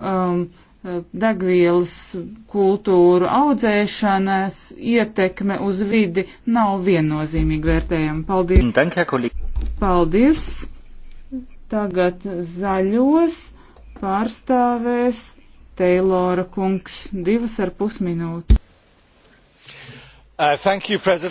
um, degvielas kultūru audzēšanas ietekme uz vidi nav viennozīmīgi vērtējama. Paldies! Danke, Paldies! Tagad zaļos pārstāvēs Teilora kungs divas ar pus minūtes. Uh, you,